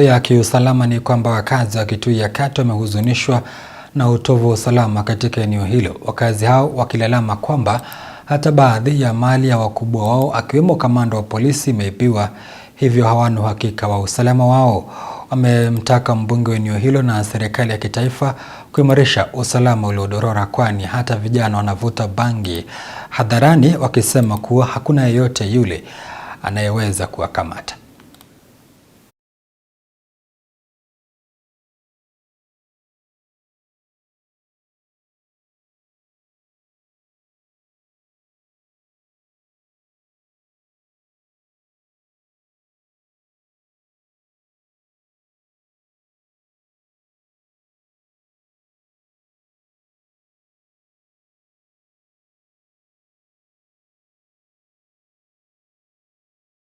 ya kiusalama ni kwamba wakazi wa Kitui ya Kati wamehuzunishwa na utovu wa usalama katika eneo hilo, wakazi hao wakilalama kwamba hata baadhi ya mali ya wakubwa wao akiwemo kamanda wa polisi imeibiwa, hivyo hawana uhakika wa usalama wao. Wamemtaka mbunge wa eneo hilo na serikali ya kitaifa kuimarisha usalama uliodorora, kwani hata vijana wanavuta bangi hadharani wakisema kuwa hakuna yeyote yule anayeweza kuwakamata.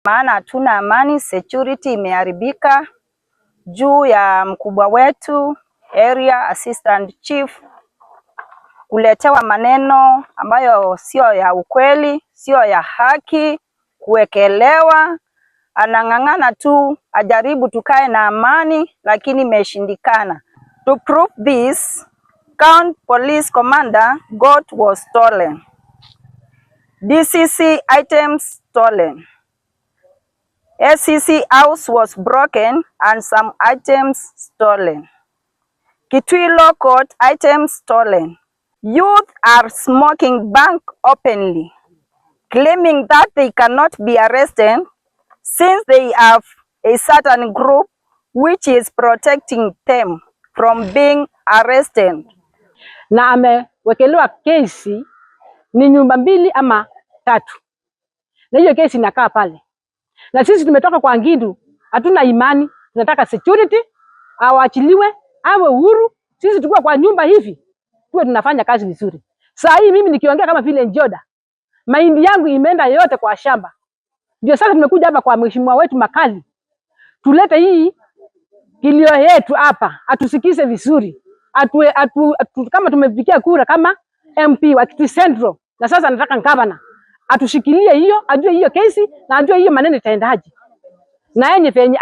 maana hatuna amani, security imeharibika juu ya mkubwa wetu area assistant chief kuletewa maneno ambayo sio ya ukweli, sio ya haki, kuwekelewa. Anang'ang'ana tu ajaribu tukae na amani, lakini imeshindikana. To prove this, count Police Commander goat was stolen. DCC items stolen. ACC house was broken and some items stolen. Kitwilo Court, items stolen. Youth are smoking bank openly, claiming that they cannot be arrested since they have a certain group which is protecting them from being arrested. Na amewekelewa kesi ni nyumba mbili ama tatu, na hiyo kesi inakaa pale na sisi tumetoka kwa Ngindu, hatuna imani, tunataka security, awachiliwe awe uhuru. Sisi tukua kwa nyumba hivi, tuwe tunafanya kazi vizuri. Saa hii mimi nikiongea kama vile njoda, mahindi yangu imeenda yote kwa shamba. Ndio sasa tumekuja hapa kwa mheshimiwa wetu Makali, tulete hii kilio yetu hapa, atusikize vizuri atue, atu, atu, kama tumepigia kura kama MP wa Kiti Central na sasa anataka gavana atushikilie hiyo, ajue hiyo kesi na ajue hiyo maneno itaendaje na yenye venye